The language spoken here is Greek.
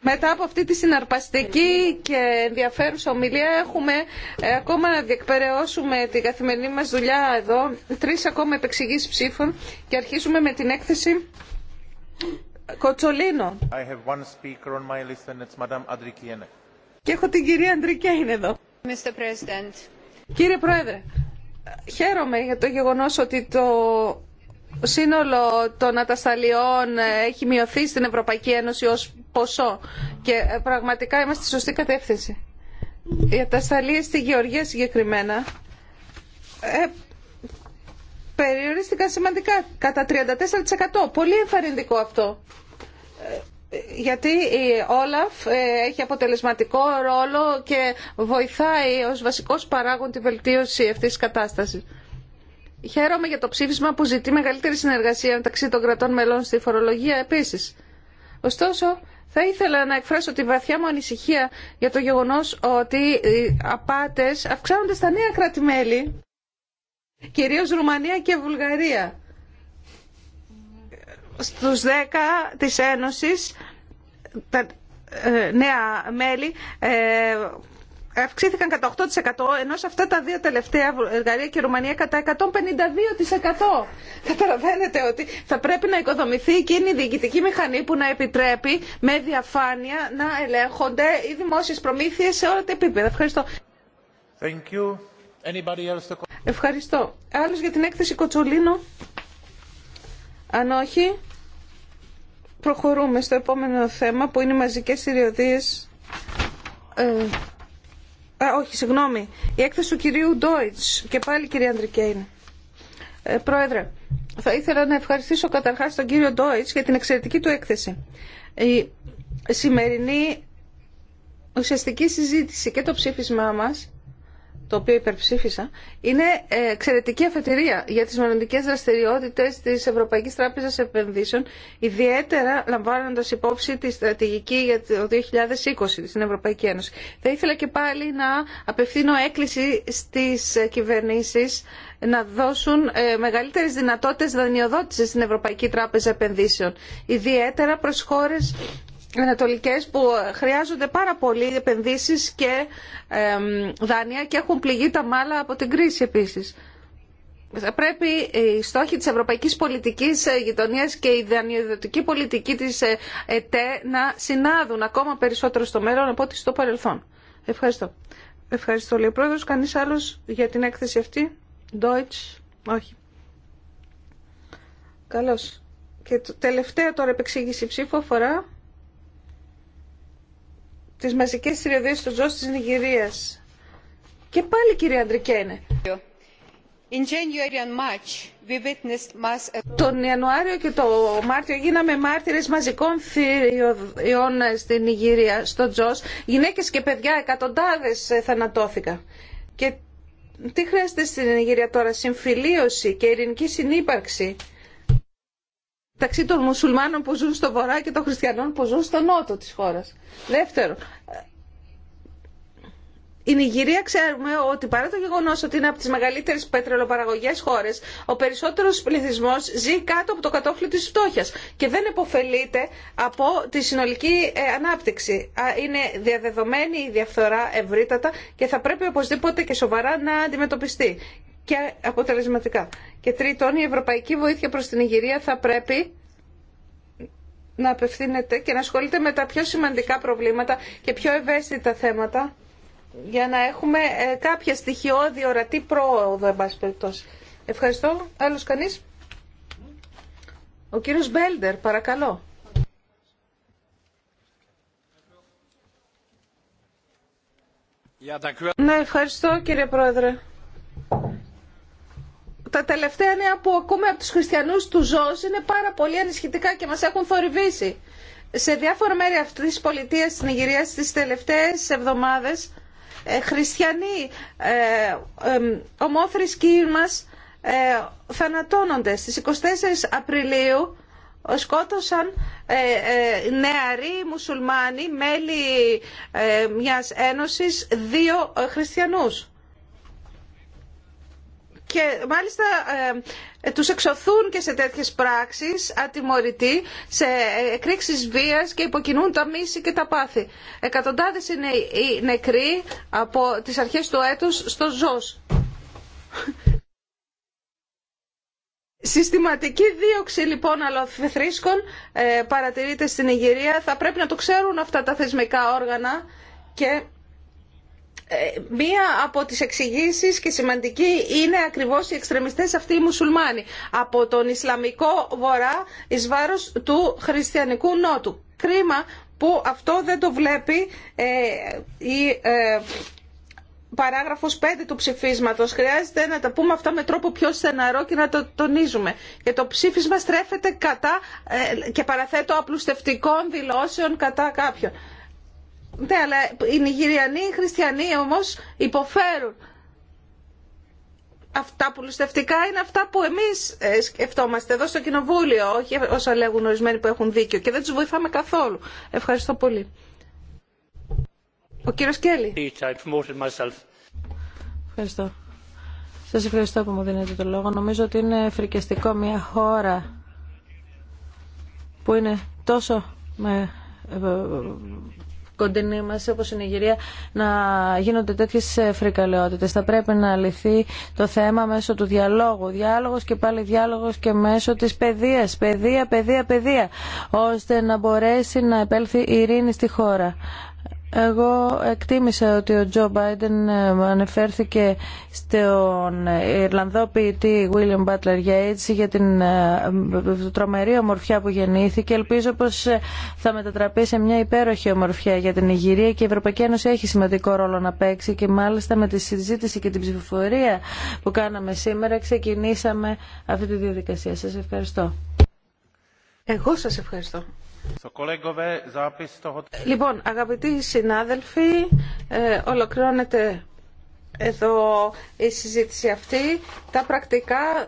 Μετά από αυτή τη συναρπαστική και ενδιαφέρουσα ομιλία έχουμε ε, ακόμα να διεκπαιρεώσουμε την καθημερινή μας δουλειά εδώ, τρεις ακόμα επεξηγήσεις ψήφων και αρχίζουμε με την έκθεση Κοτσολίνο. και έχω την κυρία Αντρικέιν εδώ. Κύριε Πρόεδρε, χαίρομαι για το γεγονός ότι το σύνολο των ατασταλιών έχει μειωθεί στην Ευρωπαϊκή Ένωση ως ποσό και ε, πραγματικά είμαστε στη σωστή κατεύθυνση. Οι ατασταλίες στη Γεωργία συγκεκριμένα ε, περιορίστηκαν σημαντικά κατά 34%. Πολύ ενθαρρυντικό αυτό. Ε, γιατί η Όλαφ ε, έχει αποτελεσματικό ρόλο και βοηθάει ως βασικός παράγον τη βελτίωση αυτής της κατάστασης. Χαίρομαι για το ψήφισμα που ζητεί μεγαλύτερη συνεργασία μεταξύ των κρατών μελών στη φορολογία επίση. Ωστόσο, θα ήθελα να εκφράσω τη βαθιά μου ανησυχία για το γεγονός ότι οι απάτες αυξάνονται στα νέα κράτη-μέλη, κυρίως Ρουμανία και Βουλγαρία. Στους 10 της Ένωσης, τα ε, νέα μέλη ε, αυξήθηκαν κατά 8% ενώ σε αυτά τα δύο τελευταία Βουλγαρία και Ρουμανία κατά 152%. Καταλαβαίνετε ότι θα πρέπει να οικοδομηθεί εκείνη η διοικητική μηχανή που να επιτρέπει με διαφάνεια να ελέγχονται οι δημόσιες προμήθειες σε όλα τα επίπεδα. Ευχαριστώ. Thank you. else to... Ευχαριστώ. Άλλος για την έκθεση Κοτσολίνο. Αν όχι, προχωρούμε στο επόμενο θέμα που είναι οι μαζικές Ε, Α, όχι, συγγνώμη. Η έκθεση του κυρίου Ντόιτς και πάλι κυρία Αντρικέιν. Ε, πρόεδρε, θα ήθελα να ευχαριστήσω καταρχάς τον κύριο Ντόιτς για την εξαιρετική του έκθεση. Η σημερινή ουσιαστική συζήτηση και το ψήφισμά μας το οποίο υπερψήφισα, είναι ε, εξαιρετική αφετηρία για τις μελλοντικέ δραστηριότητες της Ευρωπαϊκής Τράπεζας Επενδύσεων, ιδιαίτερα λαμβάνοντας υπόψη τη στρατηγική για το 2020 στην Ευρωπαϊκή Ένωση. Θα ήθελα και πάλι να απευθύνω έκκληση στις κυβερνήσεις να δώσουν ε, μεγαλύτερες δυνατότητες δανειοδότησης στην Ευρωπαϊκή Τράπεζα Επενδύσεων, ιδιαίτερα προς χώρες ανατολικές που χρειάζονται πάρα πολύ επενδύσεις και δάνεια και έχουν πληγεί τα μάλα από την κρίση επίσης. Θα πρέπει οι στόχοι της ευρωπαϊκής πολιτικής ε, γειτονίας και η δανειοδοτική πολιτική της ε, ΕΤΕ να συνάδουν ακόμα περισσότερο στο μέλλον από ό,τι στο παρελθόν. Ευχαριστώ. Ευχαριστώ, λέει ο πρόεδρος. Κανείς άλλος για την έκθεση αυτή. Deutsch. Όχι. Καλώς. Και το τελευταίο τώρα επεξήγηση ψήφου αφορά τις μαζικές θηριωδίες του Τζος τη Νιγηρίας. Και πάλι κυρία Αντρικένε. Τον Ιανουάριο και τον Μάρτιο γίναμε μάρτυρες μαζικών θηριωδιών στην Νιγηρία, στο Τζος. Γυναίκες και παιδιά, εκατοντάδες ε, θανατώθηκαν. Και τι χρειάζεται στην Νιγηρία τώρα, συμφιλίωση και ειρηνική συνύπαρξη μεταξύ των μουσουλμάνων που ζουν στο βορρά και των χριστιανών που ζουν στο νότο της χώρας. Δεύτερο, ε, η Νιγηρία ξέρουμε ότι παρά το γεγονό ότι είναι από τι μεγαλύτερε πετρελοπαραγωγέ χώρε, ο περισσότερο πληθυσμό ζει κάτω από το κατόφλι τη φτώχεια και δεν επωφελείται από τη συνολική ε, ανάπτυξη. Είναι διαδεδομένη η διαφθορά ευρύτατα και θα πρέπει οπωσδήποτε και σοβαρά να αντιμετωπιστεί και αποτελεσματικά. Και τρίτον, η ευρωπαϊκή βοήθεια προς την Ιγυρία θα πρέπει να απευθύνεται και να ασχολείται με τα πιο σημαντικά προβλήματα και πιο ευαίσθητα θέματα για να έχουμε ε, κάποια στοιχειώδη ορατή πρόοδο, εν πάση περιπτώσει. Ευχαριστώ. Άλλος κανείς? Ο κύριος Μπέλντερ, παρακαλώ. Ναι, ευχαριστώ κύριε Πρόεδρε τα τελευταία νέα που ακούμε από τους χριστιανούς του ΖΟΣ είναι πάρα πολύ ανισχυτικά και μας έχουν θορυβήσει. Σε διάφορα μέρη αυτής της πολιτείας της Νιγηρίας τις τελευταίες εβδομάδες ε, χριστιανοί ε, ε, ομόθρησκοί μας ε, θανατώνονται. Στις 24 Απριλίου ε, σκότωσαν νεαροί μουσουλμάνοι, μέλη ε, μιας ένωσης, δύο χριστιανούς και μάλιστα ε, τους εξωθούν και σε τέτοιες πράξεις ατιμωρητοί σε εκρήξεις βίας και υποκινούν τα μίση και τα πάθη. Εκατοντάδες είναι οι νεκροί από τις αρχές του έτους στο ΖΟΣ. Συστηματική δίωξη λοιπόν αλλοφεθρίσκων ε, παρατηρείται στην Ιγυρία. Θα πρέπει να το ξέρουν αυτά τα θεσμικά όργανα και ε, μία από τις εξηγήσει και σημαντική είναι ακριβώς οι εξτρεμιστές αυτοί οι μουσουλμάνοι από τον Ισλαμικό Βορρά εις βάρος του χριστιανικού Νότου. Κρίμα που αυτό δεν το βλέπει ε, η ε, παράγραφος 5 του ψηφίσματος. Χρειάζεται να τα πούμε αυτά με τρόπο πιο στεναρό και να το τονίζουμε. Και το ψήφισμα στρέφεται κατά ε, και παραθέτω απλουστευτικών δηλώσεων κατά κάποιον. Ναι, αλλά οι Νιγηριανοί, οι Χριστιανοί όμω υποφέρουν. Αυτά που λουστευτικά είναι αυτά που εμείς ε, σκεφτόμαστε εδώ στο Κοινοβούλιο, όχι όσα λέγουν ορισμένοι που έχουν δίκιο και δεν του βοηθάμε καθόλου. Ευχαριστώ πολύ. Ο κύριο Κέλλη. Ευχαριστώ. Σα ευχαριστώ που μου δίνετε το λόγο. Νομίζω ότι είναι φρικιαστικό μια χώρα που είναι τόσο με ε, κοντινή μα όπως η Νιγηρία να γίνονται τέτοιες ε, φρικαλαιότητε. Θα πρέπει να λυθεί το θέμα μέσω του διαλόγου. Διάλογο και πάλι διάλογο και μέσω της παιδείας. Παιδεία, παιδεία, παιδεία. Ώστε να μπορέσει να επέλθει η ειρήνη στη χώρα. Εγώ εκτίμησα ότι ο Τζο Μπάιντεν ε, ανεφέρθηκε στον ε, Ιρλανδό ποιητή William Butler Yeats για την ε, τρομερή ομορφιά που γεννήθηκε. Ελπίζω πως θα μετατραπεί σε μια υπέροχη ομορφιά για την Ιγυρία και η Ευρωπαϊκή Ένωση έχει σημαντικό ρόλο να παίξει και μάλιστα με τη συζήτηση και την ψηφοφορία που κάναμε σήμερα ξεκινήσαμε αυτή τη διαδικασία. Σας ευχαριστώ. Εγώ σας ευχαριστώ. Λοιπόν, αγαπητοί συνάδελφοι, ε, ολοκληρώνεται εδώ η συζήτηση αυτή. Τα πρακτικά